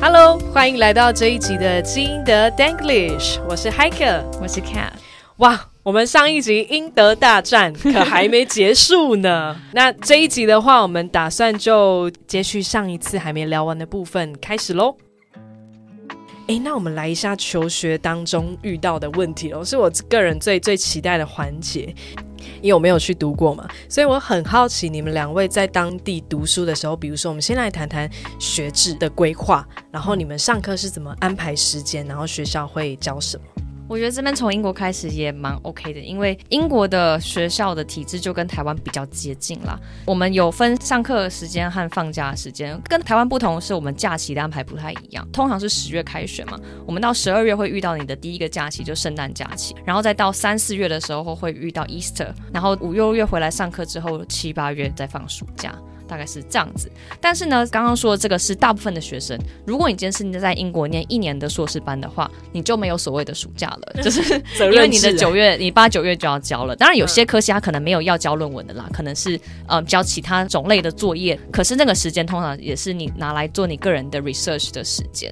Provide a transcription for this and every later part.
Hello，歡迎來到這一集的跡英德 Denglisch。我是 Hiker，我是 Kath。哇，我們上一集英德大戰可還沒結束呢。 那這一集的話，我們打算就接續上一次還沒聊完的部分開始嘍。哎，那我們來一下求學當中遇到的問題嘍，是我個人最最期待的環節。因為我沒有去讀過嘛，所以我很好奇你們兩位在當地讀書的時候，比如說，我們先來談談學制的規劃，然後你們上課是怎麼安排時間，然後學校會教什麼。我覺得這邊從英國開始也蠻 OK 的，因為英國的學校的體制就跟台灣比較接近啦。我們有分上課的時間和放假的時間，跟台灣不同是我們假期的安排不太一樣。通常是十月開學嘛，我們到十二月會遇到你的第一個假期，就聖誕假期，然後再到三四月的時候會遇到 Easter，然後五六月回來上課之後，七八月再放暑假。大概是這樣子，但是呢，剛剛說的這個是大部分的學生。如果你今天是在英國唸一年的碩士班的話，你就沒有所謂的暑假了， 就是因為你的九月， 你八九月就要交了。當然，有些科系他可能沒有要交論文的啦，可能是呃交其他種類的作業。可是那個時間通常也是你拿來做你個人的 research 的時間。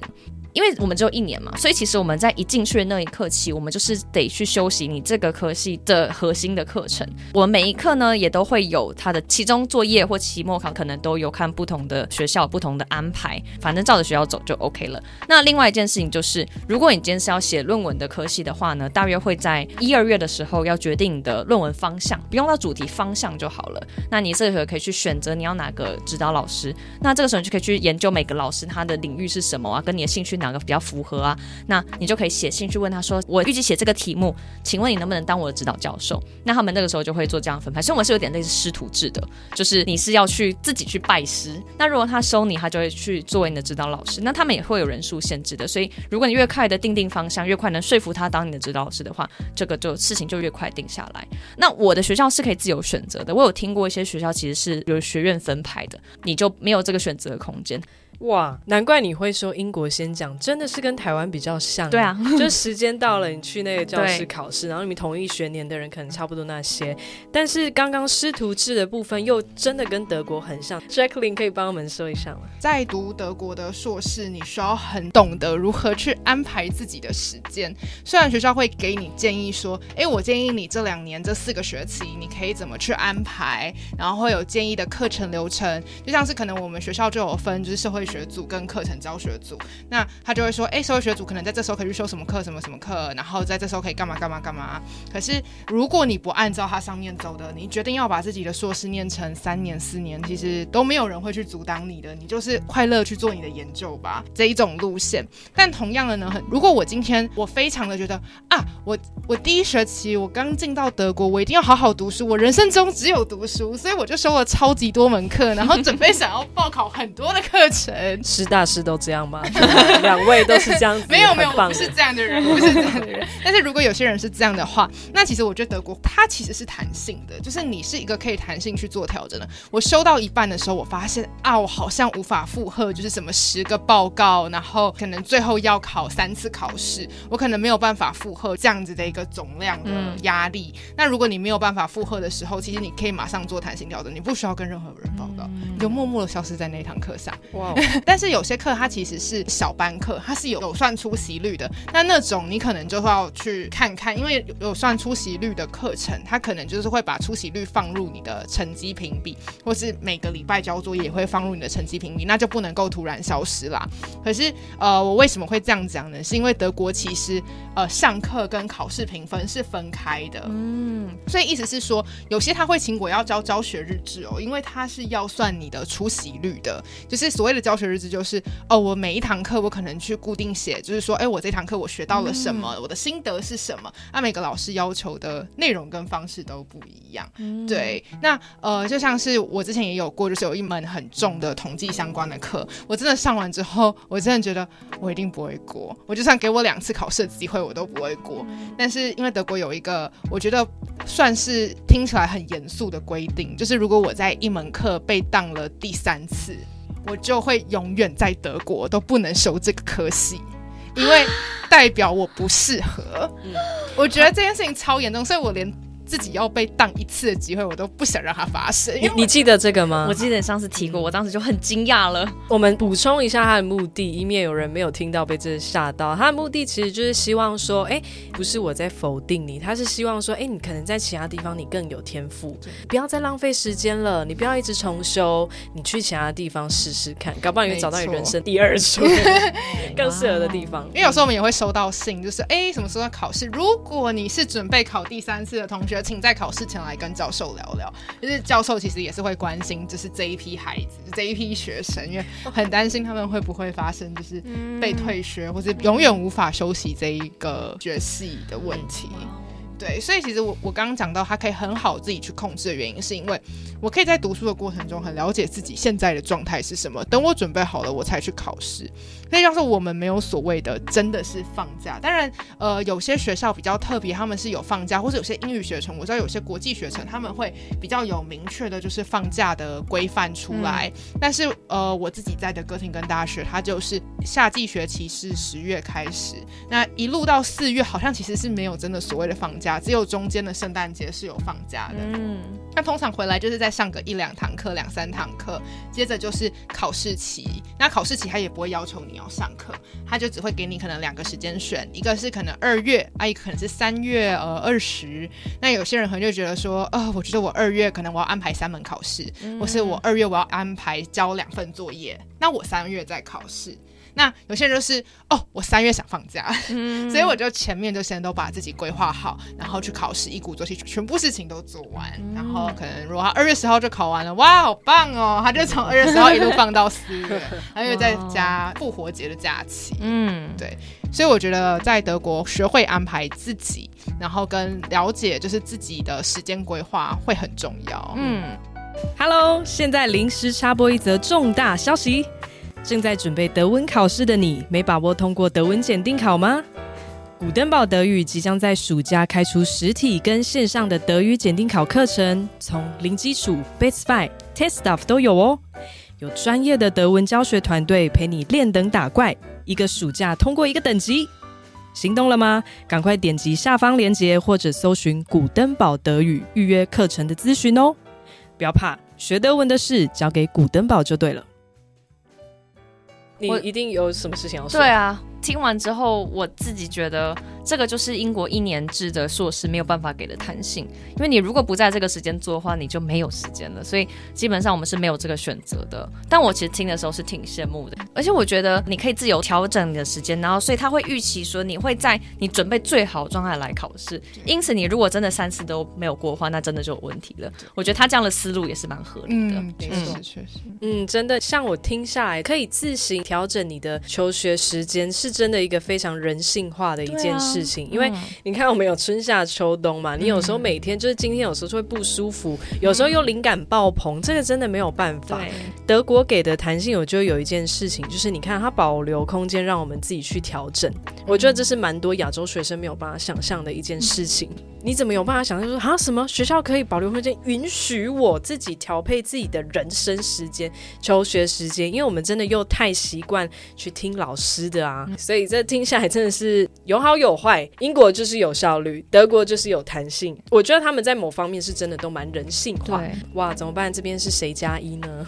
因為我們只有一年嘛，所以其實我們在一進去的那一刻起，我們就是得去修習你這個科系的核心的課程。我們每一課呢，也都會有它的期中作業或期末考，可能都有看不同的學校、不同的安排。反正照着學校走就 OK 了。那另外一件事情就是，如果你今天是要寫論文的科系的話呢，大約會在一二月的時候要決定你的論文方向，不用到主題方向就好了。那你這個時候可以去選擇你要哪個指導老師。那這個時候你就可以去研究每個老師他的領域是什麼啊，跟你的興趣哪。哪個比較符合啊？那你就可以寫信去問他說：“我預計寫這個題目，請問你能不能當我的指導教授？”那他們那個時候就會做這樣的分派。所以我是有點類似師徒制的，就是你是要去自己去拜師。那如果他收你，他就會去作為你的指導老師。那他們也會有人數限制的。所以如果你越快的定定方向，越快能說服他當你的指導老師的話，這個就事情就越快定下來。那我的學校是可以自由選擇的。我有聽過一些學校其實是由學院分派的，你就沒有這個選擇的空間。哇，難怪你會說英國先講，真的是跟台灣比較像。對啊， 就時間到了，你去那個教室考試，然後你們同一學年的人可能差不多那些。但是剛剛師徒制的部分又真的跟德國很像。Jacqueline 可以幫我們說一下嗎？在讀德國的碩士，你需要很懂得如何去安排自己的時間。雖然學校會給你建議說，哎、欸，我建議你這兩年這四個學期你可以怎麼去安排，然後會有建議的課程流程。就像是可能我們學校就有分，就是社會。學組跟課程教學組，那他就會說，哎，所有學組可能在這時候可以去修什麼課，什麼什麼課，然後在這時候可以幹嘛幹嘛幹嘛。可是如果你不按照他上面走的，你決定要把自己的碩士念成三年四年，其實都沒有人會去阻擋你的，你就是快樂去做你的研究吧這一種路線。但同樣的呢，很如果我今天我非常的覺得啊，我我第一學期我剛進到德國，我一定要好好讀書，我人生中只有讀書，所以我就修了超級多門課，然後準備想要報考很多的課程。 呃，師大師都這樣嗎？ 兩位都是這樣子 沒，沒有沒有，是這樣的人，不是這樣的人。 但是如果有些人是這樣的話，那其實我覺得德國它其實是彈性的，就是你是一個可以彈性去做調整的。我修到一半的時候，我發現啊，我好像無法負荷，就是什麼十個報告，然後可能最後要考三次考試，我可能沒有辦法負荷這樣子的一個總量的壓力。嗯、那如果你沒有辦法負荷的時候，其實你可以馬上做彈性調整，你不需要跟任何人報告，嗯、你就默默的消失在那一堂課上。哇 但是有些課它其實是小班課，它是有有算出席率的。那那種你可能就要去看看，因為有有算出席率的課程，它可能就是會把出席率放入你的成績評比，或是每個禮拜交作業也會放入你的成績評比，那就不能夠突然消失啦。可是呃，我為什麼會這樣講呢？是因為德國其實呃，上課跟考試評分是分開的。嗯，所以意思是說，有些他會請我要交教，教學日誌哦，因為他是要算你的出席率的，就是所謂的教。學日子就是哦，我每一堂課我可能去固定寫，就是說，哎，我這堂課我學到了什麼，嗯、我的心得是什麼。那、啊、每個老師要求的內容跟方式都不一樣。嗯、對，那呃，就像是我之前也有過，就是有一門很重的統計相關的課，我真的上完之後，我真的覺得我一定不會過。我就算給我兩次考試的機會，我都不會過。但是因為德國有一個我覺得算是聽起來很嚴肅的規定，就是如果我在一門課被當了第三次，我就會永遠在德國都不能修這個科系，因為代表我不適合。嗯，我覺得這件事情超嚴重，所以我連，自己要被當一次的機會，我都不想讓它發生。你，你記得這個嗎？我記得上次提過，我當時就很驚訝了。 我們補充一下他的目的，以免有人沒有聽到被這嚇到。他的目的其實就是希望說，哎、欸，不是我在否定你，他是希望說，哎、欸，你可能在其他地方你更有天賦，不要再浪費時間了，你不要一直重修，你去其他地方試試看，搞不好你會找到你人生第二處， 更適合的地方、啊。因為有時候我們也會收到信，就是哎、欸，什麼時候要考試？如果你是準備考第三次的同學。請在考試前來跟教授聊聊，就是教授其實也是會關心，就是這一批孩子，這一批學生，因為很擔心他們會不會發生就是被退學，或是永遠無法修習這一個學系的問題。對，所以其實我我剛剛講到，它，可以很好自己去控制的原因，是因為我可以在讀書的過程中很了解自己現在的狀態是什麼。等我準備好了，我才去考試。所以要是我們沒有所謂的，真的是放假。當然，呃，有些學校比較特別，他們是有放假，或者有些英語學程，我知道有些國際學程他們會比較有明確的，就是放假的規範出來。嗯、但是呃，我自己在的哥廷根大學，它就是夏季學期是十月開始，那一路到四月，好像其實是沒有真的所謂的放假。只有中間的聖誕節是有放假的，嗯，那通常回來就是再上個一兩堂課，兩三堂課，接着就是考試期。那考試期他也不會要求你要上課，他就只會給你可能兩個時間選，一個是可能二月，啊，也可能是三月呃二十。那有些人可能就覺得說，呃，我覺得我二月可能我要安排三門考試，嗯，或是我二月我要安排交兩份作業，那我三月再考試。那有些人就是哦，我三月想放假，嗯、 所以我就前面就先都把自己規劃好，然後去考試，一鼓作氣全部事情都做完，嗯、然後可能如果他二月十號就考完了，哇，好棒哦，他就從二月十號一路放到四月， 他又在家復活節的假期，嗯，對，所以我覺得在德國學會安排自己，然後跟了解就是自己的時間規劃會很重要。嗯,嗯，Hello，現在臨時插播一則重大消息。正在準備德文考試的你，沒把握通過德文檢定考嗎？古登堡德語即將在暑假開出實體跟線上的德語檢定考課程，從零基礎、Base Five、TestDaF 都有哦。有專業的德文教學團隊陪你練等打怪，一個暑假通過一個等級。行動了嗎？趕快點擊下方鏈接，或者搜尋“古登堡德語”預約課程的諮詢哦。不要怕，學德文的事交給古登堡就對了。你一定有什麼事情要說，對啊。聽完之後，我自己覺得這個就是英國一年制的碩士沒有辦法給的彈性，因為你如果不在這個時間做的話，你就沒有時間了，所以基本上我們是沒有這個選擇的。但我其實聽的時候是挺羨慕的，而且我覺得你可以自由調整你的時間，然後所以他會預期說你會在你準備最好的狀態來考試，因此你如果真的三次都沒有過的話，那真的就有問題了。我覺得他這樣的思路也是蠻合理的，沒錯，嗯、嗯，確實，嗯，真的像我聽下來，可以自行調整你的求學時間是。真的一個非常人性化的一件事情，啊嗯、因為你看我們有春夏秋冬嘛、嗯，你有時候每天就是今天有時候就會不舒服、嗯，有時候又靈感爆棚，嗯、這個真的沒有辦法。德國給的彈性，我覺得有一件事情就是你看它保留空間讓我們自己去調整，嗯、我覺得這是蠻多亞洲學生沒有辦法想象的一件事情。嗯、你怎麼有辦法想象說、就、啊、是、什麼學校可以保留空間，允許我自己調配自己的人生時間、求學時間？因為我們真的又太習慣去聽老師的啊。嗯所以這聽起來真的是有好有壞，英國就是有效率，德國就是有彈性。我覺得他們在某方面是真的都蠻人性化。對，哇，怎麼辦？這邊是誰加一呢？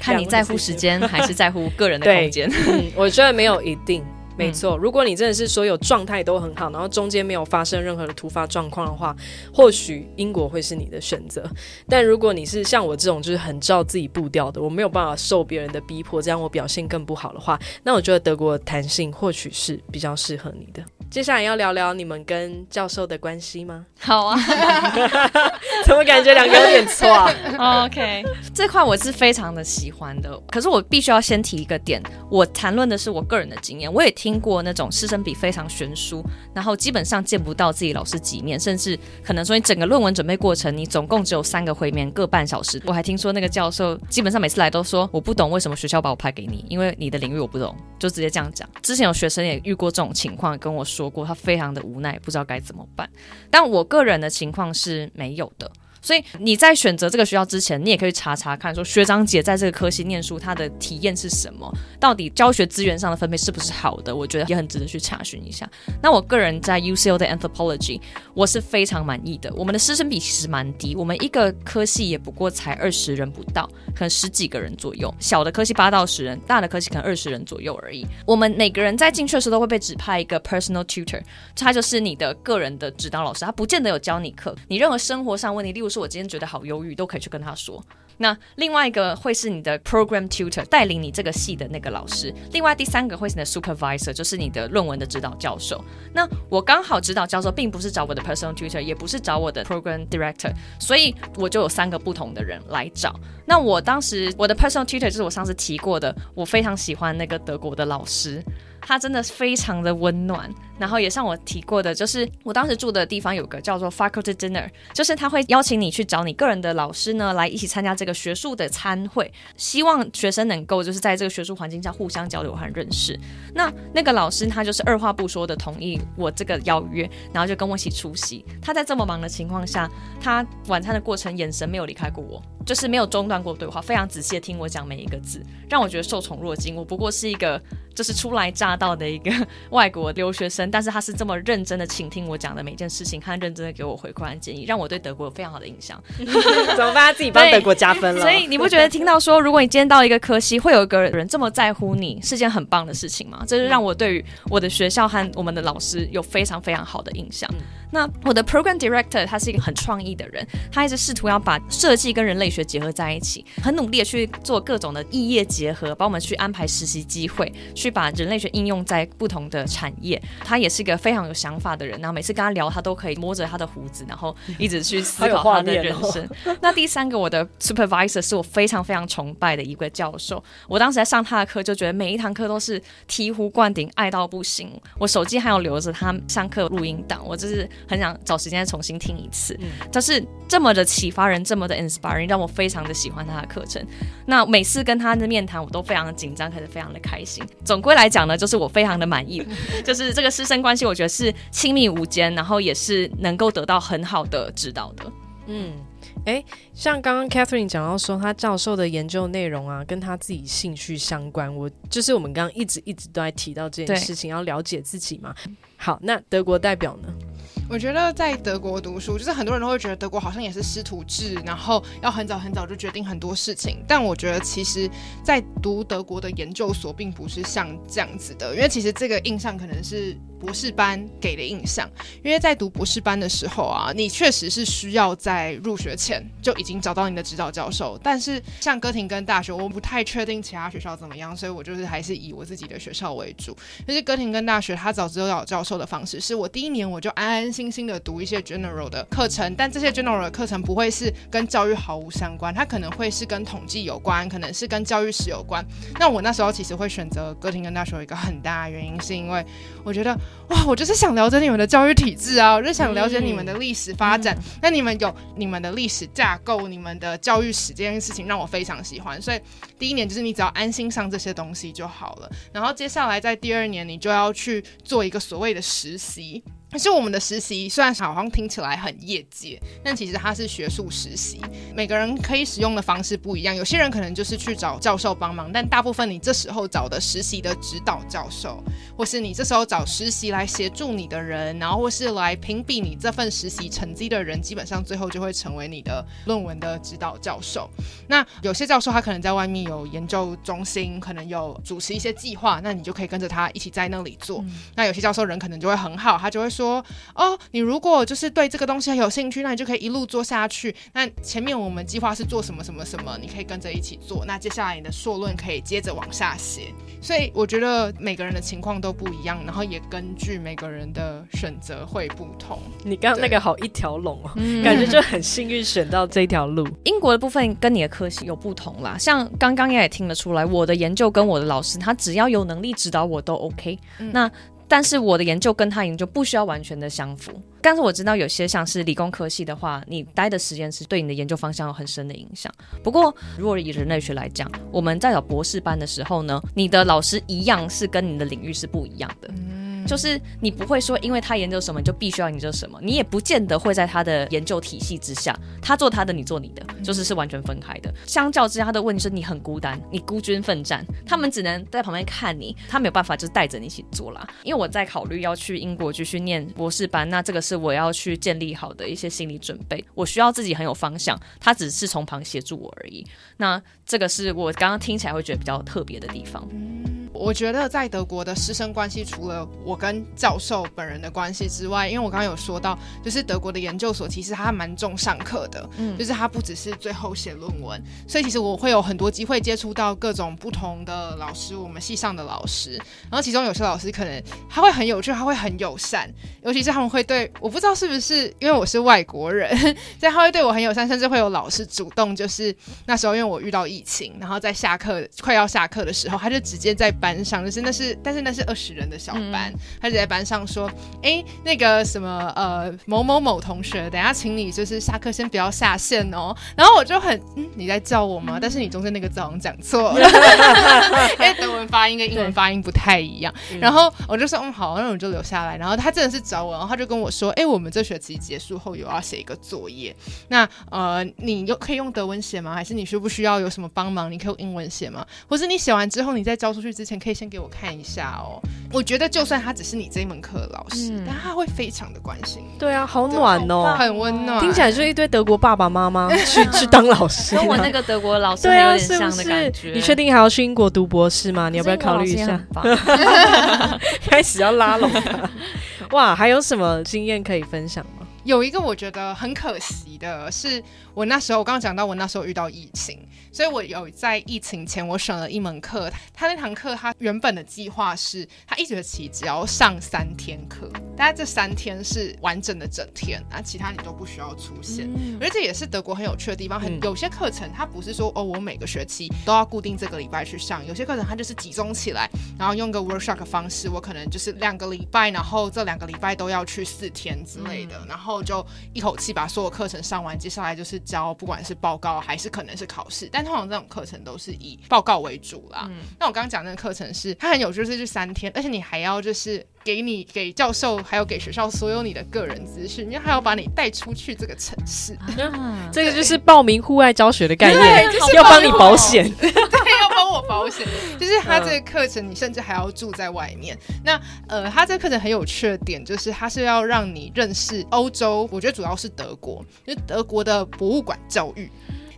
看你在乎時間還是在乎個人的空間， 嗯，我覺得沒有一定。 沒錯，如果你真的是所有狀態都很好，然後中間沒有發生任何的突發狀況的話，或許英國會是你的選擇。但如果你是像我這種就是很照自己步調的，我沒有辦法受別人的逼迫，這樣我表現更不好的話，那我覺得德國的彈性或許是比較適合你的。接下來要聊聊你們跟教授的關係嗎？好啊， 怎麼感覺兩個有點錯啊？Oh,OK，這塊我是非常的喜歡的。可是我必須要先提一個點，我談論的是我個人的經驗，我也。聽過那種師生比非常懸殊，然後基本上見不到自己老師幾面，甚至可能說你整個論文準備過程，你總共只有三個會面，各半小時。我還聽說那個教授基本上每次來都說我不懂為什麼學校把我派給你，因為你的領域我不懂，就直接這樣講。之前有學生也遇過這種情況，跟我說過他非常的無奈，不知道該怎麼辦。但我個人的情況是沒有的。所以你在選擇這個學校之前，你也可以查查看，說學長姐在這個科系唸書，她的體驗是什麼？到底教學資源上的分配是不是好的？我覺得也很值得去查詢一下。那我個人在 UCL 的 Anthropology，我是非常滿意的。我們的師生比其實蠻低，我們一個科系也不過才二十人不到，可能十幾個人左右。小的科系八到十人，大的科系可能二十人左右而已。我們每個人在進去的時候都會被指派一個 personal tutor，他就是你的個人的指導老師，他不見得有教你課，你任何生活上問題，例如，是我今天覺得好憂鬱，都可以去跟他說。那另外一個會是你的 program tutor，帶領你這個系的那個老師。另外第三個會是你的 supervisor，就是你的論文的指導教授。那我剛好指導教授並不是找我的 personal tutor，也不是找我的 program director，所以我就有三個不同的人來找。那我當時我的 personal tutor 就是我上次提過的，我非常喜歡那個德國的老師。他真的非常的溫暖，然後也像我提過的，就是我當時住的地方有個叫做 Faculty Dinner，就是他會邀請你去找你個人的老師呢，來一起參加這個學術的餐會，希望學生能夠就是在這個學術環境下互相交流和認識。那那個老師他就是二話不說的同意我這個邀約，然後就跟我一起出席。他在這麼忙的情況下，他晚餐的過程眼神沒有離開過我，就是沒有中斷過對話，非常仔細的聽我講每一個字，讓我覺得受寵若驚。我不過是一個。就是初來乍到的一個外國留學生，但是他是這麼認真的傾聽我講的每件事情，和認真的給我回饋建議，讓我對德國有非常好的印象。 怎麼辦？他自己幫德國加分了。所以你不覺得聽到說，如果你今天到一個科系，會有一個人這麼在乎你，是件很棒的事情嗎？這是讓我對於我的學校和我們的老師有非常非常好的印象。那我的 program director 他是一個很創意的人，他一直試圖要把設計跟人類學結合在一起，很努力的去做各種的異業結合，幫我們去安排實習機會，去把人類學應用在不同的產業。他也是一個非常有想法的人，然後每次跟他聊，他都可以摸着他的鬍子，然後一直去思考他的人生。 他有畫面哦、那第三個我的 supervisor 是我非常非常崇拜的一個教授，我當時在上他的課，就覺得每一堂課都是醍醐灌頂，愛到不行。我手機還有留着他上課錄音檔，我就是。很想找時間重新聽一次，但、就是這麼的啟發人，這麼的 inspiring，讓我非常的喜歡他的課程。那每次跟他的面談，我都非常緊張，開始非常的開心。總歸來講呢，就是我非常的滿意， 就是這個師生關係，我覺得是親密無間，然後也是能夠得到很好的指導的。嗯，哎、欸，像剛剛 Katherine 講到說，他教授的研究內容啊，跟他自己興趣相關。我就是我們剛剛一直一直都在提到這件事情，要了解自己嘛。好，那德國代表呢？我覺得在德國讀書，就是很多人都會覺得德國好像也是師徒制，然後要很早很早就決定很多事情。但我覺得其實，在讀德國的研究所並不是像這樣子的，因為其實這個印象可能是。博士班給的印象，因為在讀博士班的時候啊，你確實是需要在入學前就已經找到你的指導教授。但是像哥廷根大學，我不太確定其他學校怎麼樣，所以我就是還是以我自己的學校為主。就是哥廷根大學，他找指導教授的方式，是我第一年我就安安心心的讀一些 general 的課程，但這些 general 的課程不會是跟教育毫無相關，它可能會是跟統計有關，可能是跟教育史有關。那我那時候其實會選擇哥廷根大學有一個很大的原因，是因為我覺得。哇，我就是想了解你們的教育體制啊，我就想了解你們的歷史發展。那、嗯嗯、你們有你們的歷史架構、你們的教育史這件事情，讓我非常喜歡。所以第一年就是你只要安心上這些東西就好了，然後接下來在第二年你就要去做一個所謂的實習。可是我們的實習雖然好像聽起來很業界，但其實它是學術實習。每個人可以使用的方式不一樣，有些人可能就是去找教授幫忙，但大部分你這時候找的實習的指導教授，或是你這時候找實習來協助你的人，然後或是來評比你這份實習成績的人，基本上最後就會成為你的論文的指導教授。那有些教授他可能在外面有研究中心，可能有主持一些計劃，那你就可以跟着他一起在那裡做。嗯、那有些教授人可能就會很好，他就會說。說哦，你如果就是對這個東西很有興趣，那你就可以一路做下去。那前面我們計劃是做什麼什麼什麼，你可以跟着一起做。那接下來你的碩論可以接着往下寫。所以我覺得每個人的情況都不一樣，然後也根據每個人的選擇會不同。你剛剛那個好一條龍哦，嗯、感覺就很幸運選到這條路。英國的部分跟你的科系有不同啦，像剛剛也也聽得出來，我的研究跟我的老師他只要有能力指導我都 OK，嗯。那。但是我的研究跟他研究不需要完全的相符，但是我知道有些像是理工科系的話，你待的實驗室對你的研究方向有很深的影響。不過如果以人類學來講，我們在找博士班的時候呢，你的老師一樣是跟你的領域是不一樣的。嗯就是你不會說，因為他研究什麼，你就必須要研究什麼。你也不見得會在他的研究體系之下，他做他的，你做你的，就是是完全分開的。相較之下，他的問題是，你很孤單，你孤軍奮戰，他們只能在旁邊看你，他沒有辦法就帶着你一起做啦。因為我在考慮要去英國繼續念博士班，那這個是我要去建立好的一些心理準備，我需要自己很有方向。他只是從旁協助我而已。那這個是我剛剛聽起來會覺得比較特別的地方。我覺得在德國的師生關係，除了我跟教授本人的關係之外，因為我剛剛有說到，就是德國的研究所其實他蠻重上課的，嗯，就是他不只是最後寫論文，所以其實我會有很多機會接觸到各種不同的老師，我們系上的老師，然後其中有些老師可能他會很有趣，他會很友善，尤其是他們會對我，不知道是不是因為我是外國人，但他會對我很友善，甚至會有老師主動就是那時候因為我遇到疫情，然後在下課快要下課的時候，他就直接在。班上就是那是但是那是二十人的小班，嗯，他就在班上說：“哎、欸，那個什麼呃，某某某同學，等下請你就是下課先不要下線哦。”然後我就很，嗯，你在叫我嗎？嗯，但是你中間那個字好像講錯了，嗯， 因為德文發音跟英文發音不太一樣，嗯。然後我就說：“嗯，好，那我就留下來。”然後他真的是找我，然後他就跟我說：“哎、欸，我們這學期結束後有要寫一個作業，那呃，你用可以用德文寫嗎？還是你需不需要有什麼幫忙？你可以用英文寫嗎？或是你寫完之後你再交出去之前。”可以先給我看一下哦。我覺得就算他只是你這一門課的老師、嗯，但他會非常的關心。對啊，好暖哦，很溫暖。聽起來就是一堆德國爸爸媽媽去 去當老師、啊，跟我那個德國老師有點像的感覺。是不是，你確定還要去英國讀博士嗎？你要不要考慮一下？ 開始要拉攏了。哇，還有什麼經驗可以分享嗎？有一個我覺得很可惜的是，我那時候我剛剛講到，我那時候遇到疫情。所以，我有在疫情前我選了一門課，他那堂課他原本的計劃是，他一學期只要上三天課，大家這三天是完整的整天，啊，其他你都不需要出現。我覺得這也是德國很有趣的地方，很有些課程它不是說哦，我每個學期都要固定這個禮拜去上，有些課程它就是集中起來，然後用個 workshop 的方式，我可能就是兩個禮拜，然後這兩個禮拜都要去四天之類的，然後就一口氣把所有課程上完，接下來就是交，不管是報告還是可能是考試，但通常這種課程都是以報告為主啦。嗯、那我剛剛講那個課程是，它很有趣就是三天，而且你還要就是給你給教授，還有給學校所有你的個人資訊，因為還要把你帶出去這個城市。啊、這個就是報名戶外教學的概念，就是喔、要幫你保險， 對，要幫我保險。就是他這個課程，你甚至還要住在外面。那呃，他這個課程很有趣的點就是，他是要讓你認識歐洲，我覺得主要是德國，就是德國的博物館教育。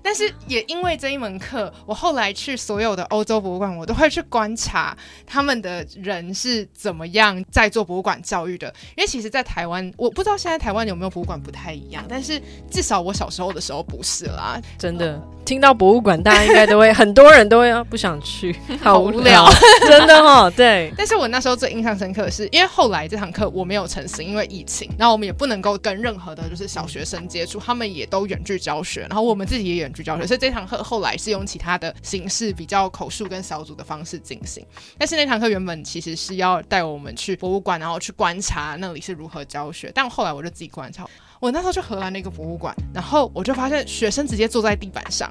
但是也因為這一門課，我後來去所有的歐洲博物館，我都會去觀察他們的人是怎麼樣在做博物館教育的。因為其實，在台灣，我不知道現在台灣有沒有博物館不太一樣，但是至少我小時候的時候不是啦。真的，嗯、聽到博物館，大家應該都會， 很多人都會不想去，好無聊，無聊 真的哈、哦。對。但是我那時候最印象深刻的是，因為後來這堂課我沒有成行，因為疫情，然後我們也不能夠跟任何的就是小學生接觸，他們也都遠距教學，然後我們自己也遠。去教學，所以這堂課後來是用其他的形式，比較口述跟小組的方式進行。但是那堂課原本其實是要帶我們去博物館，然後去觀察那裡是如何教學。但後來我就自己觀察，我那時候去荷蘭的一個博物館，然後我就發現學生直接坐在地板上。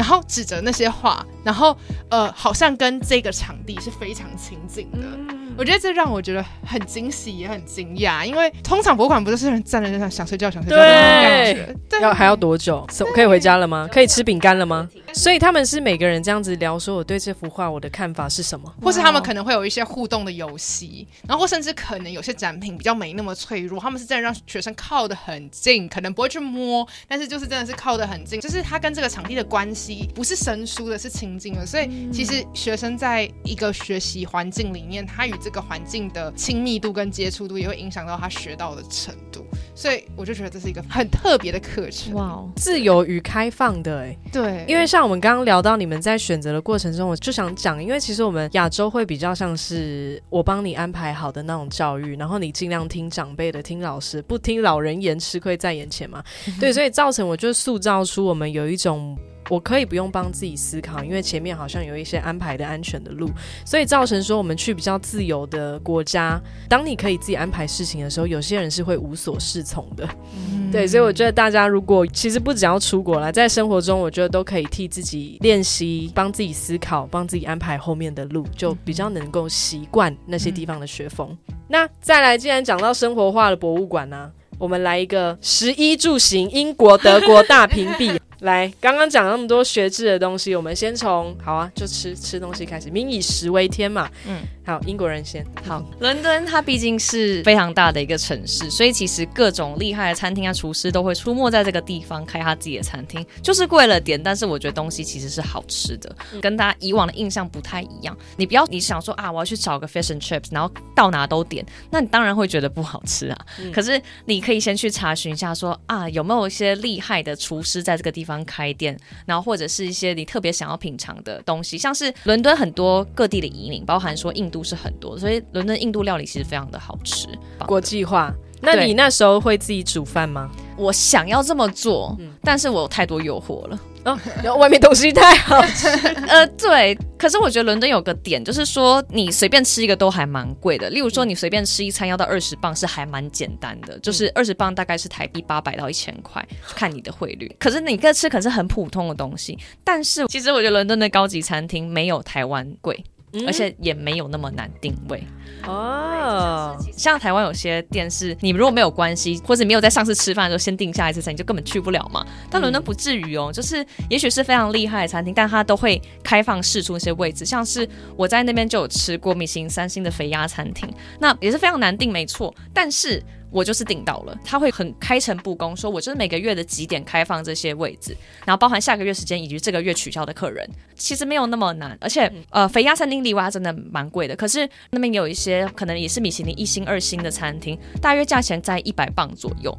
然後指着那些畫，然後呃，好像跟這個場地是非常親近的。嗯、我覺得這讓我覺得很驚喜，也很驚訝。因為通常博物館不都是人站在那上想睡覺、想睡覺的那種感覺。對，對，要還要多久？可以回家了嗎？可以吃餅乾了嗎？所以他們是每個人這樣子聊說，我對這幅畫我的看法是什麼，或是他們可能會有一些互動的遊戲，然後甚至可能有些展品比較沒那麼脆弱，他們是真的讓學生靠得很近，可能不會去摸，但是就是真的是靠得很近，就是他跟這個場地的關係不是生疏的，是親近的。所以其實學生在一個學習環境裡面，他與這個環境的親密度跟接觸度也會影響到他學到的程度。所以我就覺得這是一個很特別的課程。哇，自由與開放的欸。哎，對，因為像。那我們剛剛聊到你們在選擇的過程中，我就想講，因為其實我們亞洲會比較像是我幫你安排好的那種教育，然後你盡量聽長輩的、聽老師，不聽老人言，吃虧在眼前嘛。 對，所以造成我就塑造出我們有一種。我可以不用幫自己思考，因為前面好像有一些安排的安全的路，所以造成說我們去比較自由的國家，當你可以自己安排事情的時候，有些人是會無所適從的。嗯、對，所以我覺得大家如果其實不只要出國了，在生活中我覺得都可以替自己練習，幫自己思考，幫自己安排後面的路，就比較能夠習慣那些地方的學風。嗯、那再來，既然講到生活化的博物館呢、啊，我們來一個食衣住行，英國、德國大評比 來，剛剛講那麼多學制的東西，我們先從，好啊，就吃吃東西開始。民以食為天嘛。嗯，好，英國人先。好、嗯，倫敦它畢竟是非常大的一個城市，所以其實各種厲害的餐廳啊，廚師都會出沒在這個地方開他自己的餐廳，就是貴了點，但是我覺得東西其實是好吃的，嗯、跟大家以往的印象不太一樣。你不要你想說啊，我要去找個 Fish and Chips，然後到哪都點，那你當然會覺得不好吃啊。嗯、可是你可以先去查詢一下說，說啊，有沒有一些厲害的廚師在這個地方。方開店，然後或者是一些你特別想要品嚐的東西，像是倫敦很多各地的移民，包含說印度是很多，所以倫敦印度料理其實非常的好吃。國際化。那你那時候會自己煮飯嗎？我想要這麼做，嗯，但是我有太多誘惑了。然、哦，外面東西太好吃， 呃，對。可是我覺得倫敦有個點就是說你隨便吃一個都還蠻貴的。例如說，你隨便吃一餐要到二十磅是還蠻簡單的，就是二十磅大概是台幣八百到一千塊，看你的匯率。 可是你個吃可是很普通的東西，但是其實我覺得倫敦的高級餐廳沒有台灣貴，嗯、而且也沒有那麼難訂位。哦，像台灣有些店是，你們如果沒有關係，或者沒有在上次吃飯的時候先訂下一次餐廳，你就根本去不了嘛。但倫敦不至於哦、嗯，就是也許是非常厲害的餐廳，但它都會開放釋出一些位置。像是我在那邊就有吃過米其林三星的肥鴨餐廳，那也是非常難訂，沒錯，但是。我就是訂到了，他會很開誠布公說，我就是每個月的幾點開放這些位置，然後包含下個月時間以及這個月取消的客人，其實沒有那麼難。而且，呃，肥鴨餐廳例外，真的蠻貴的。可是那邊有一些可能也是米其林一星二星的餐廳，大約價錢在一百磅左右。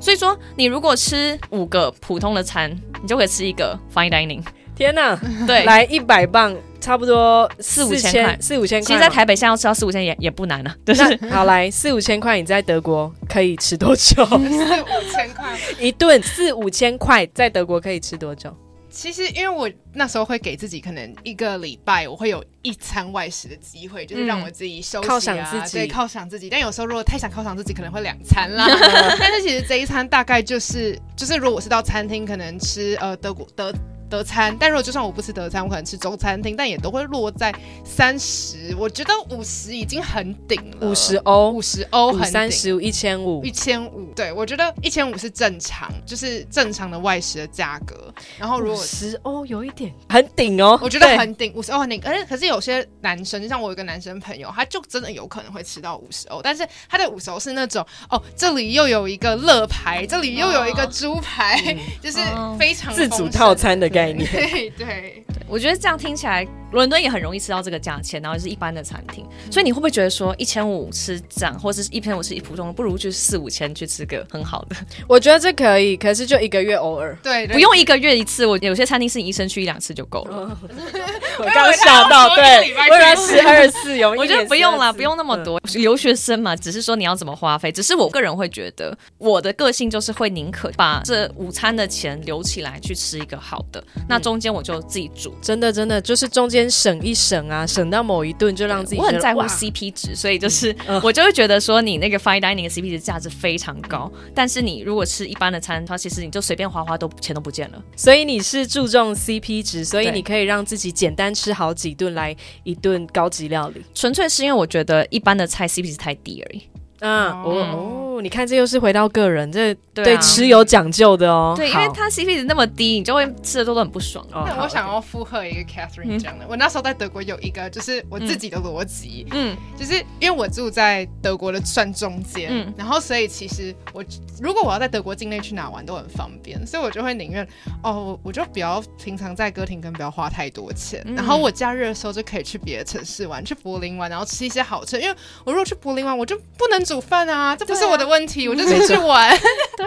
所以說，你如果吃五個普通的餐，你就可以吃一個 fine dining。天哪、啊，對， 來一百磅。差不多四五千塊，四五千塊。其實，在台北現在要吃到四五千也也不難啊。就是 好來，四五千塊你在德國可以吃多久？ 四五千塊一頓，四五千塊在德國可以吃多久？其實，因為我那時候會給自己可能一個禮拜我會有一餐外食的機會、嗯，就是讓我自己休息啊，對，犒賞自己。但有時候如果太想犒賞自己，可能會兩餐啦。 但是其實這一餐大概就是，就是如果我是到餐廳，可能吃呃德國德。德餐，但如果就算我不吃德餐，我可能吃中餐廳，但也都會落在三十。我覺得五十已經很頂了，五十歐，五十歐很頂，三十五，一千五，一千五。對，我覺得一千五是正常，就是正常的外食的價格。然後如果五十歐有一點很頂哦，我覺得很頂，五十歐很頂。可是可是有些男生，像我有個男生朋友，他就真的有可能會吃到五十歐，但是他的五十歐是那種哦，這裡又有一個肋排、嗯，這裡又有一個豬排，嗯、 就是非常自主套餐的感覺。對對，對，我覺得這樣聽起來，倫敦也很容易吃到這個價錢，然後是一般的餐廳。所以你會不會覺得說，一千五吃這樣，或者是一千五吃一普通的，不如就四五千去吃個很好的？我覺得這可以，可是就一個月偶爾，對，對，不用一個月一次。我有些餐廳是一生去一兩次就夠了。哦、 我剛想到， 對，未來十二次，我覺得不用了，不用那麼多。留、嗯、學生嘛，只是說你要怎麼花費。只是我個人會覺得，我的個性就是會寧可把這午餐的錢留起來去吃一個好的。那中間我就自己煮，嗯、真的真的就是中間省一省啊，省到某一頓就讓自己。我很在乎 CP 值，所以就是我就會覺得說你那個 fine dining 的 CP 值價值非常高，嗯，但是你如果吃一般的餐的話其實你就隨便花花都錢都不見了，所以你是注重 CP 值，所以你可以讓自己簡單吃好幾頓來一頓高級料理，純粹是因為我覺得一般的菜 CP 值太低而已。嗯、啊哦哦，哦，你看，這又是回到個人，這對吃有講究的哦。對、啊對，因為它 CP 值那麼低，你就會吃的多都很不爽。那我想要附和一個 Katherine 講、哦、的、okay，我那時候在德國有一個就是我自己的邏輯，嗯，就是因為我住在德國的算中間、嗯，然後所以其實我如果我要在德國境內去哪玩都很方便，所以我就會寧願哦，我就比較平常在哥廷根不要花太多錢、嗯，然後我假日的時候就可以去別的城市玩，去柏林玩，然後吃一些好吃，因為我如果去柏林玩，我就不能。煮飯啊，這不是我的問題，啊、我就是去玩，對、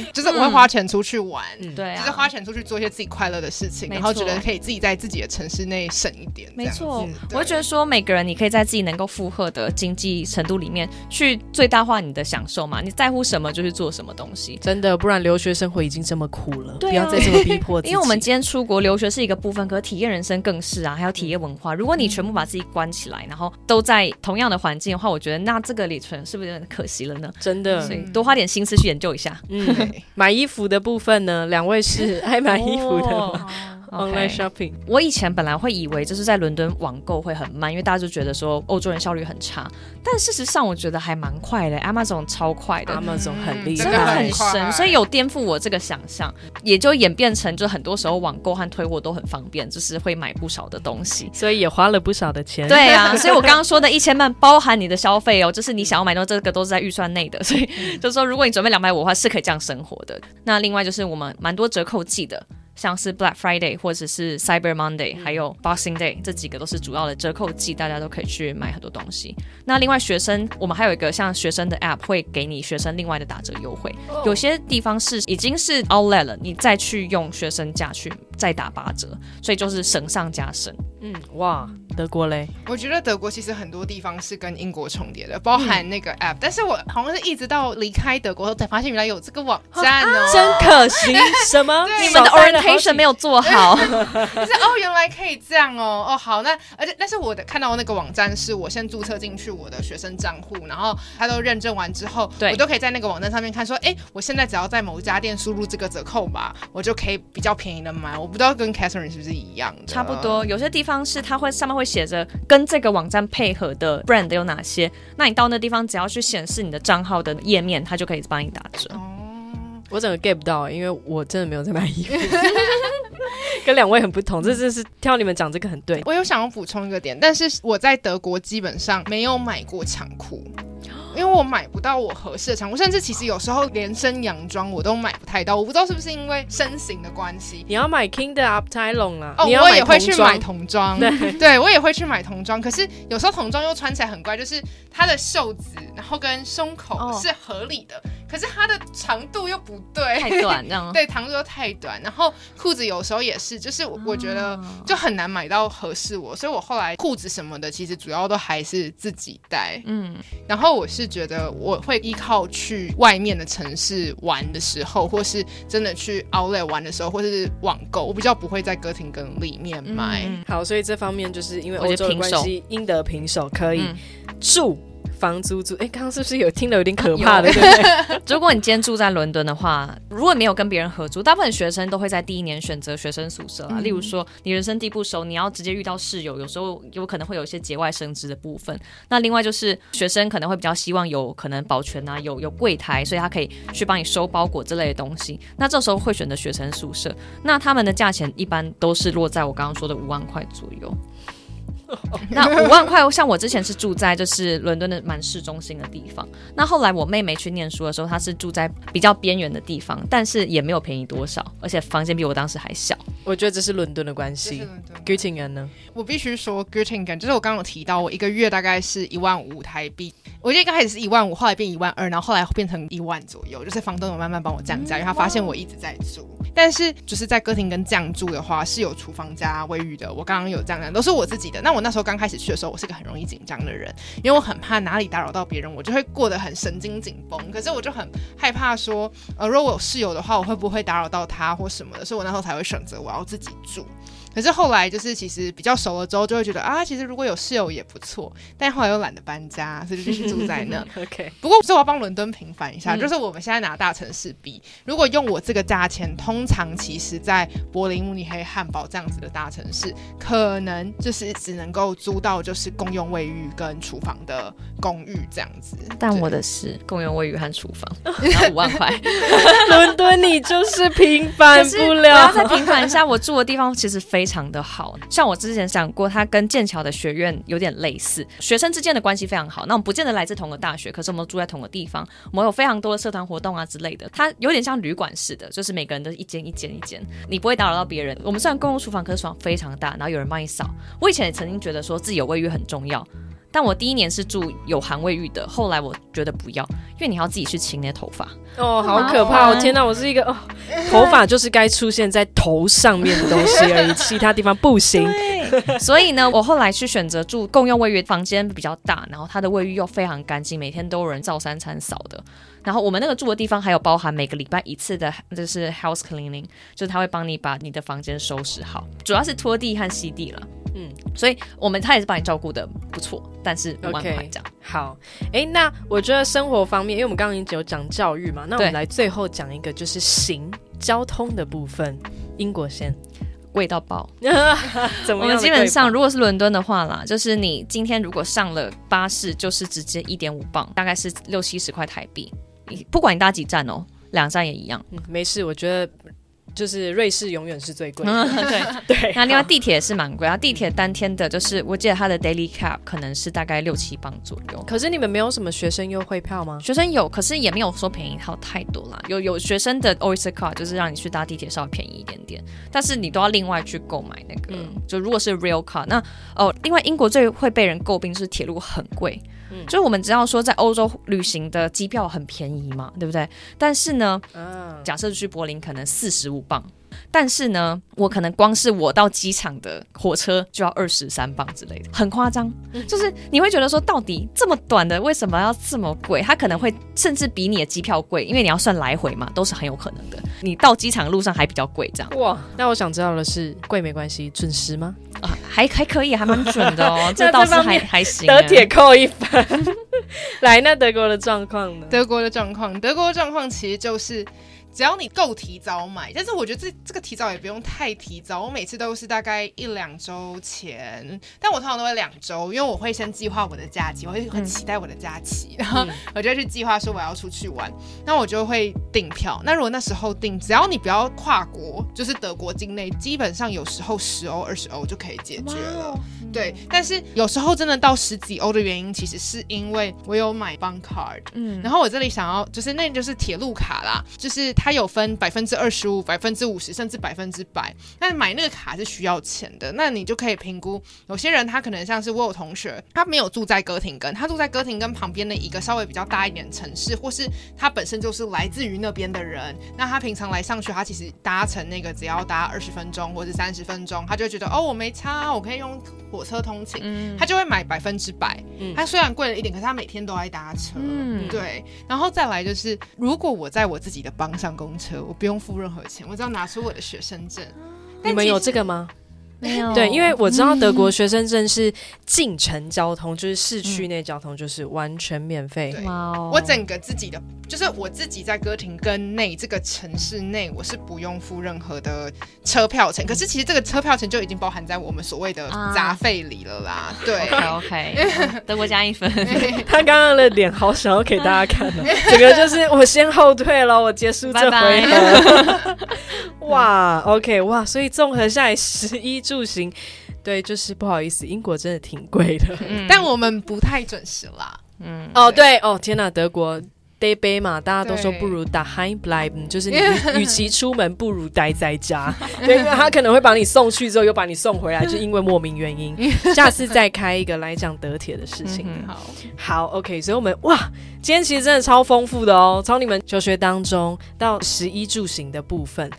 嗯， 就是我會花錢出去玩，對、嗯，就是花錢出去做一些自己快樂的事情、嗯啊，然後覺得可以自己在自己的城市內省一點。沒錯，我就覺得說，每個人你可以在自己能夠負荷的經濟程度裡面去最大化你的享受嘛，你在乎什麼就是做什麼東西，真的，不然留學生活已經這麼苦了，對啊、不要再這麼逼迫自己。 因為我們今天出國留學是一個部分，可是體驗人生更是啊，還有體驗文化。如果你全部把自己關起來、嗯，然後都在同樣的環境的話，我覺得那這個旅程是。是不是有點可惜了呢？真的，所以多花點心思去研究一下。嗯， 買衣服的部分呢？兩位是愛買衣服的 Okay, Online shopping，我以前本來會以為就是在倫敦網購會很慢，因為大家就覺得說歐洲人效率很差。但事實上，我覺得還蠻快的，Amazon 超快的，Amazon 很厲害，嗯，真的很神，所以有顛覆我這個想象。也就演變成，就很多時候網購和退貨都很方便，就是會買不少的東西，所以也花了不少的錢。對啊，所以我剛剛說的一千萬 包含你的消費哦，就是你想要買到這個都是在預算內的。所以、嗯、就說，如果你準備兩百五的話，是可以這樣生活的。那另外就是我們蠻多折扣季的。像是 Black Friday 或者是 Cyber Monday，還有 Boxing Day 這幾個都是主要的折扣季，大家都可以去買很多東西。那另外學生，我們還有一個像學生的 App 會給你學生另外的打折優惠，Oh. 有些地方是已經是 Outlet 了，你再去用學生價去。再打八折，所以就是省上加省。嗯，哇，德國嘞？我覺得德國其實很多地方是跟英國重疊的，包含那個 app、嗯。但是我好像是一直到離開德國，我才發現原來有這個網站哦。啊、真可惜， 什麼？ 你們的 orientation 沒有做好？就是、就是、哦，原來可以這樣哦。哦，好，那而且，但是我的看到那個網站，是我先注冊進去我的學生賬戶，然後他都認證完之後，對，我都可以在那個網站上面看，說，哎，我現在只要在某一家店輸入這個折扣碼，我就可以比較便宜的買。我不知道跟 Catherine 是不是一樣的，差不多。有些地方是它會上面會寫着跟這個網站配合的 brand 有哪些，那你到那地方只要去顯示你的賬號的頁面，它就可以幫你打折。嗯、我整個 get 不到，因為我真的沒有在買衣服， 跟兩位很不同。這、就是聽到你們講這個很對，我有想要補充一個點，但是我在德國基本上沒有買過長褲。因為我買不到我合適的長，我甚至其實有時候連身洋裝我都買不太到。我不知道是不是因為身形的關係。你要買 Kinderabteilung 啊？哦，你要買童裝，我也會去買童裝，對，對我也會去買童裝。可是有時候童裝又穿起來很怪，就是它的袖子然後跟胸口是合理的，哦，可是它的長度又不對，太短 對，長度又太短。然後褲子有時候也是，就是我覺得就很難買到合適我，哦，所以我後來褲子什麼的其實主要都還是自己帶。嗯，然後我是。覺得我會依靠去外面的城市玩的時候，或是真的去 Outlet 玩的時候，或是網購，我比較不會在哥廷根裡面買、嗯嗯。好，所以這方面就是因為歐洲的關係，英德平，平手可以、嗯、住。房租租，誒，剛剛是不是有聽得有點可怕的？對不對？ 如果你今天住在倫敦的話，如果你沒有跟別人合租，大部分學生都會在第一年選擇學生宿舍啊、嗯。例如說，你人生地不熟，你要直接遇到室友，有時候有可能會有一些節外生枝的部分。那另外就是學生可能會比較希望有可能保全啊，有有櫃檯，所以他可以去幫你收包裹之類的東西。那這時候會選擇學生宿舍，那他們的價錢一般都是落在我剛剛說的五萬塊左右。Oh, 那五萬塊，像我之前是住在就是倫敦的蠻市中心的地方。那後來我妹妹去念書的時候，她是住在比較邊緣的地方，但是也沒有便宜多少，而且房間比我當時還小。我覺得這是倫敦的關係。g t 廷 n 呢？我必須說哥廷根，就是我剛剛提到，我一個月大概是一萬五台幣。我記得一開始是一萬五，後來變一萬二，然後後來變成一萬左右。就是房東有慢慢幫我降價、嗯，因為他發現我一直在租。但是就是在歌廳跟這樣住的話，是有廚房加衛浴的。我剛剛有講這樣這樣都是我自己的那。我那時候剛開始去的時候，我是一個很容易緊張的人，因為我很怕哪裡打擾到別人，我就會過得很神經緊繃。可是我就很害怕說，呃，如果我有室友的話，我會不會打擾到他或什麼的，所以我那時候才會選擇我要自己住。可是後來就是其實比較熟了之後就會覺得啊，其實如果有室友也不錯，但後來又懶得搬家，所以就繼續住在那。 OK。不過就是我要幫倫敦平反一下，就是我們現在拿大城市比，嗯，如果用我這個價錢，通常其實在柏林、慕尼黑、漢堡這樣子的大城市，可能就是只能夠租到就是共用衛浴跟廚房的公寓這樣子。但我的是共用衛浴和廚房，五萬塊，倫 敦你就是平反不了。再平反一下，我住的地方其實非。非常的好，像我之前講過，它跟劍橋的學院有點類似，學生之間的關係非常好。那我們不見得來自同個大學，可是我們住在同個地方，我們有非常多的社團活動啊之類的。它有點像旅館似的，就是每個人都一間一間一間，你不會打擾到別人。我們雖然公共廚房，可是床非常大，然後有人幫你掃。我以前也曾經覺得說自己有衛浴很重要。但我第一年是住有含衛浴的，後來我覺得不要，因為你要自己去清那頭髮哦，好可怕！我天哪，我是一個哦，頭髮就是該出現在頭上面的東西而已， 其他地方不行。 所以呢，我後來去選擇住共用衛浴，房間比較大，然後它的衛浴又非常乾淨，每天都有人照三餐掃的。然後我們那個住的地方還有包含每個禮拜一次的，就是 house cleaning，就是他會幫你把你的房間收拾好，主要是拖地和洗地了。嗯，所以我們他也是把你照顧得不錯，但是我們塊好，誒，那我覺得生活方面，因為我們剛剛已經有講教育嘛，那我們來最後講一個就是行交通的部分。英國先，貴到爆。 怎麼樣 我們基本上如果是倫敦的話啦，就是你今天如果上了巴士，就是直接一點五磅，大概是六七十塊台幣。不管你搭幾站哦，兩站也一樣。嗯，沒事。我覺得就是瑞士永遠是最貴的。 對對。那另外地鐵也是蠻貴 啊，地鐵當天的就是我記得它的 daily cap 可能是大概六七磅左右。可是你們沒有什麼學生優惠票嗎？學生有，可是也沒有說便宜到太多啦。有有學生的 Oyster card 就是讓你去搭地鐵稍微便宜一點點，但是你都要另外去購買那個。嗯，就如果是 Rail card，那哦，另外英國最會被人詬病就是鐵路很貴。所以我們知道說，在歐洲旅行的機票很便宜嘛，對不對？但是呢，假設去柏林可能四十五鎊。但是呢，我可能光是我到機場的火車就要二十三鎊之類的，很誇張、嗯。就是你會覺得說，到底這麼短的，為什麼要這麼貴？它可能會甚至比你的機票貴，因為你要算來回嘛，都是很有可能的。你到機場路上還比較貴，這樣。哇，那我想知道的是，貴沒關係，準時嗎？啊，還還可以，還蠻準的哦、喔。 這倒是還 還行、啊。德鐵扣一分。 來，那德國的狀況呢？德國的狀況，德國的狀況其實就是。只要你夠提早買，但是我覺得這這個提早也不用太提早。我每次都是大概一兩周前，但我通常都會兩周，因為我會先計劃我的假期，我會很期待我的假期，嗯，然後我就會去計劃說我要出去玩，嗯，那我就會訂票。那如果那時候訂，只要你不要跨國，就是德國境內，基本上有時候十歐、二十歐就可以解決了。對，但是有時候真的到十幾歐的原因，其實是因為我有買 Bahncard。嗯，然後我這裡想要就是，那就是鐵路卡啦，就是它有分百分之二十五、百分之五十，甚至百分之百。但是買那個卡是需要錢的，那你就可以評估。有些人他可能像是我有同學，他沒有住在哥廷根，他住在哥廷根旁邊的一個稍微比較大一點的城市，或是他本身就是來自於那邊的人。那他平常來上學，他其實搭乘那個只要搭二十分鐘或是三十分鐘，他就覺得哦，我沒差，我可以用火車通勤，他就會買百分之百。嗯，他雖然貴了一點，可是他每天都愛搭車。嗯，對。然後再來就是，如果我在我自己的邦上公車，我不用付任何錢，我只要拿出我的學生證。嗯，但你們有這個嗎？沒有對，因為我知道德國學生證是進城交通，嗯，就是市區內交通，就是完全免費，嗯。我整個自己的，就是我自己在哥廷根內這個城市內，我是不用付任何的車票錢，嗯。可是其實這個車票錢就已經包含在我們所謂的雜費裡了啦。啊、對，OK，, okay，嗯、 德國加一分 他剛剛的臉好想要給大家看哦，啊， 整個就是我先後退了，我結束這回。拜拜 哇，OK，哇，所以綜合下來，食衣住行，對，就是不好意思，英國真的挺貴的、嗯，但我們不太準時啦。嗯，哦，對，對哦，天哪，德國 day bay 嘛，大家都說不如打 high blind，就是你與其出門不如待在家 對，因為他可能會把你送去之後又把你送回來， 就因為莫名原因。 下次再開一個來講德鐵的事情。嗯、好，好，OK，所以我們哇，今天其實真的超豐富的哦，從你們求學當中到食衣住行的部分。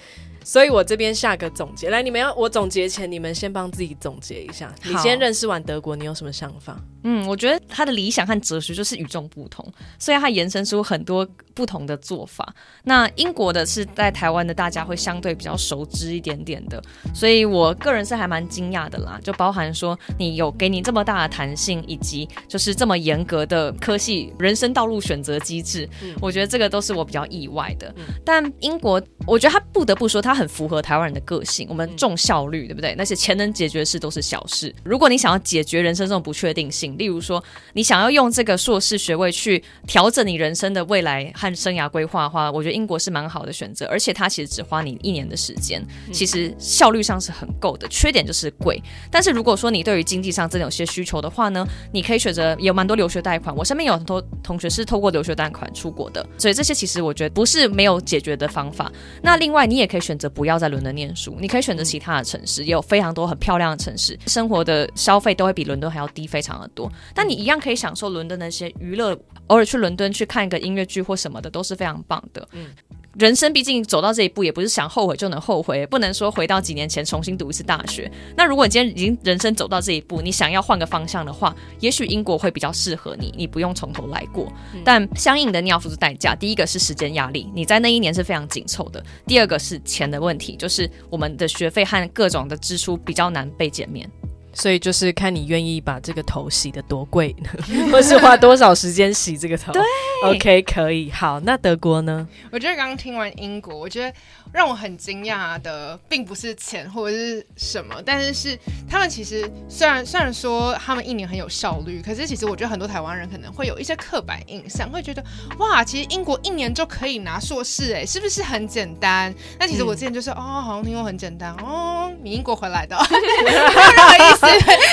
所以，我這邊下個總結，來，你們要我總結前，你們先幫自己總結一下。你先認識完德國，你有什麼想法？嗯，我覺得他的理想和哲學就是與眾不同，所以他延伸出很多不同的做法。那英國的是在台灣的大家會相對比較熟知一點點的，所以我個人是還蠻驚訝的啦。就包含說你有給你這麼大的彈性，以及就是這麼嚴格的科系人生道路選擇機制，我覺得這個都是我比較意外的。但英國，我覺得他不得不說，他很符合台灣人的個性。我們重效率，對不對？那些錢能解決的事都是小事。如果你想要解決人生這種不確定性，例如說，你想要用這個碩士學位去調整你人生的未來和生涯規劃的話，我覺得英國是蠻好的選擇，而且它其實只花你一年的時間，其實效率上是很夠的。缺點就是貴。但是如果說你對於經濟上真的有些需求的話呢，你可以選擇有蠻多留學貸款。我身邊有很多同學是透過留學貸款出國的，所以這些其實我覺得不是沒有解決的方法。那另外，你也可以選擇不要在倫敦念書，你可以選擇其他的城市，嗯，也有非常多很漂亮的城市，生活的消費都會比倫敦還要低，非常的低。多，但你一樣可以享受倫敦那些娛樂，偶爾去倫敦去看一個音樂劇或什麼的，都是非常棒的。嗯，人生畢竟走到這一步，也不是想後悔就能後悔，不能說回到幾年前重新讀一次大學。那如果你今天已經人生走到這一步，你想要換個方向的話，也許英國會比較適合你，你不用從頭來過。嗯。但相應的你要付出代價，第一個是時間壓力，你在那一年是非常緊湊的；第二個是錢的問題，就是我們的學費和各種的支出比較難被減免。所以就是看你願意把這個頭洗得多貴，或是花多少時間洗這個頭。 對，OK，可以。好，那德國呢？我覺得剛聽完英國，我覺得。讓我很驚訝的，並不是錢或者是什麼，但是，是他們其實雖然雖然說他們一年很有效率，可是其實我覺得很多台灣人可能會有一些刻板印象，會覺得哇，其實英國一年就可以拿碩士，欸，是不是很簡單？那其實我之前就是，嗯、哦，好像聽說很簡單哦，你英國回來的，不好意思，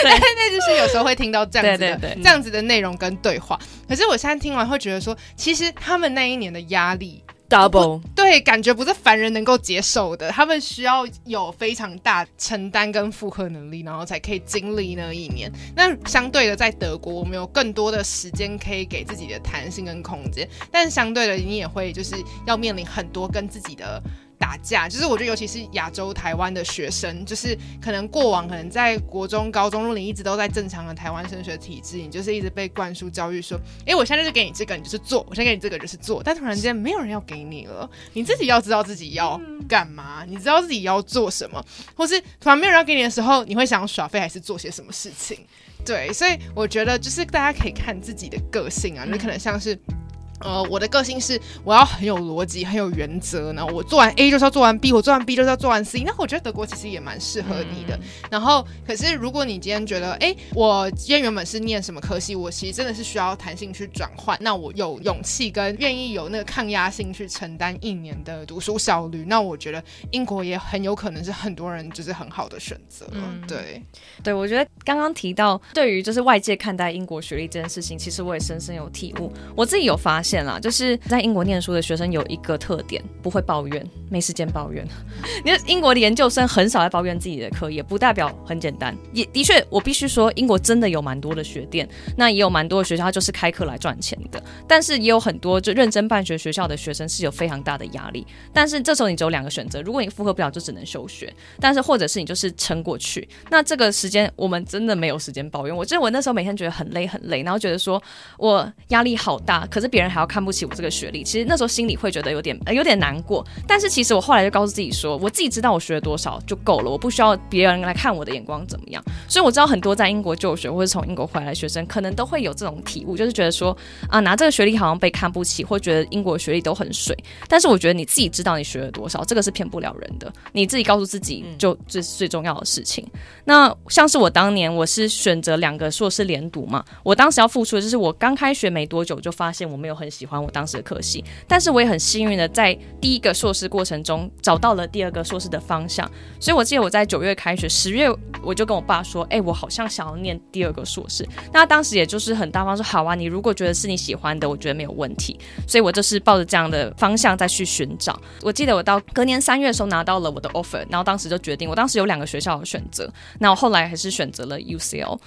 那 那就是有時候會聽到這樣子的對對對，這樣子的內容跟對話。可是我現在聽完會覺得說，其實他們那一年的壓力。Double 對，感覺不是凡人能夠接受的。他們需要有非常大承擔跟負荷能力，然後才可以經歷那一年。那相對的，在德國，我們有更多的時間可以給自己的彈性跟空間。但相對的，你也會就是要面臨很多跟自己的。打架，就是我覺得，尤其是亞洲台灣的學生，就是可能過往可能在國中、高中，如果你一直都在正常的台灣升學體制，你就是一直被灌輸教育說，哎、欸，我現在就給你這個，你就是做；我先給你這個，就是做。但突然間沒有人要給你了，你自己要知道自己要幹嘛、嗯，你知道自己要做什麼，或是突然沒有人要給你的時候，你會想耍廢還是做些什麼事情？對，所以我覺得就是大家可以看自己的個性啊，你可能像是。呃，我的個性是我要很有邏輯，很有原則。然後我做完 A 就是要做完 B，我做完 B 就是要做完 C。那我覺得德國其實也蠻適合你的。嗯、然後，可是如果你今天覺得，哎、欸，我今天原本是念什麼科系，我其實真的是需要彈性去轉換。那我有勇氣跟願意有那個抗壓性去承擔一年的讀書效率，那我覺得英國也很有可能是很多人就是很好的選擇、嗯。對，對，我覺得剛剛提到對於就是外界看待英國學歷這件事情，其實我也深深有體悟。我自己有發現。就是在英國念書的學生有一個特點，不會抱怨，沒時間抱怨。因 為英國的研究生很少在抱怨自己的課，也不代表很簡單。也的確，我必須說，英國真的有蠻多的學店，那也有蠻多的學校，就是開課來賺錢的。但是也有很多就認真辦學學校的學生是有非常大的壓力。但是這時候你只有兩個選擇：如果你負荷不了，就只能休學；但是或者是你就是撐過去。那這個時間我們真的沒有時間抱怨。我記得我那時候每天覺得很累很累，然後覺得說我壓力好大，可是別人還要。看不起我這個學歷，其實那時候心裡會覺得有點、呃、有點難過。但是其實我後來就告訴自己說，我自己知道我學了多少就夠了，我不需要別人來看我的眼光怎麼樣。所以我知道很多在英國就學或者從英國回來學生，可能都會有這種體悟，就是覺得說啊、呃，拿這個學歷好像被看不起，或覺得英國學歷都很水。但是我覺得你自己知道你學了多少，這個是騙不了人的。你自己告訴自己就最最重要的事情。嗯、那像是我當年，我是選擇兩個碩士連讀嘛，我當時要付出的就是我剛開學沒多久就發現我沒有很很喜歡我當時的科系，但是我也很幸運的在第一個碩士過程中找到了第二個碩士的方向，所以我記得我在九月開學，十月我就跟我爸說，哎、欸，我好像想要念第二個碩士。那當時也就是很大方說，好啊，你如果覺得是你喜歡的，我覺得沒有問題。所以我就是抱着這樣的方向再去尋找。我記得我到隔年三月的時候拿到了我的 offer，然後當時就決定，我當時有兩個學校的選擇，那我後，後來還是選擇了 UCL。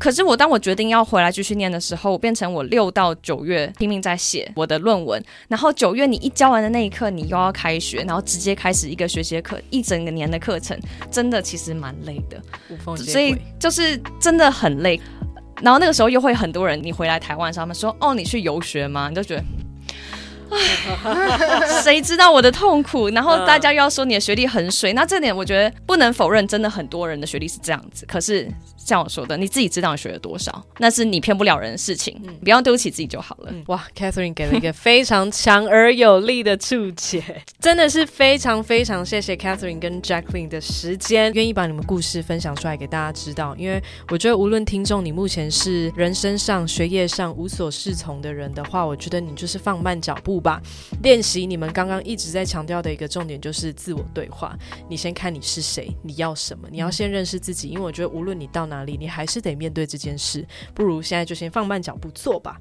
可是我，當我決定要回來繼續念的時候，變成我六到九月拼命在寫我的論文，然後九月你一交完的那一刻，你又要開學，然後直接開始一個學習的課，一整個年的課程，真的其實蠻累的。無縫銜接，所以就是真的很累。然後那個時候又會很多人，你回來台灣上面說，哦，你去遊學嗎？你就覺得，誰知道我的痛苦？然後大家又要說你的學歷很水，那這點我覺得不能否認，真的很多人的學歷是這樣子。可是。像我說的，你自己知道你學了多少，那是你騙不了人的事情，嗯、不要丟棄自己就好了。嗯、哇，Katherine 給了一個非常強而有力的注解， 真的是非常非常謝謝 Katherine 跟 Jacqueline 的時間，願意把你們故事分享出來給大家知道。因為我覺得，無論聽眾你目前是人生上、學業上無所適從的人的話，我覺得你就是放慢腳步吧，練習你們剛剛一直在強調的一個重點，就是自我對話。你先看你是誰，你要什麼，你要先認識自己。因為我覺得，無論你到哪，你還是得面對這件事，不如現在就先放慢腳步做吧。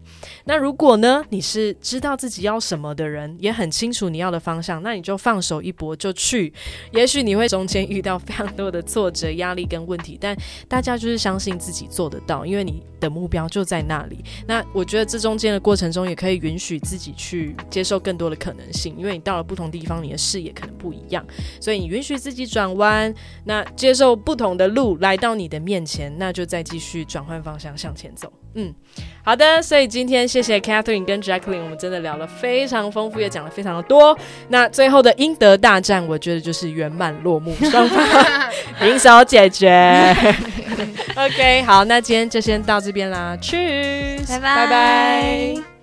那如果呢？你是知道自己要什麼的人，也很清楚你要的方向，那你就放手一搏就去。也許你會中間遇到非常多的挫折、壓力跟問題，但大家就是相信自己做得到，因為你的目標就在那裡。那我覺得這中間的過程中，也可以允許自己去接受更多的可能性，因為你到了不同地方，你的視野可能不一樣，所以你允許自己轉彎，那接受不同的路來到你的面前。那就再繼續轉換方向，向前走。嗯，好的，所以今天謝謝 Katherine 跟 Jacqueline，我們真的聊了非常豐富，也講了非常的多。那最後的英德大戰，我覺得就是圓滿落幕，雙方 平手解決。 OK，好，那今天就先到這邊啦 Tschüss 拜拜。 Cheers, bye bye bye bye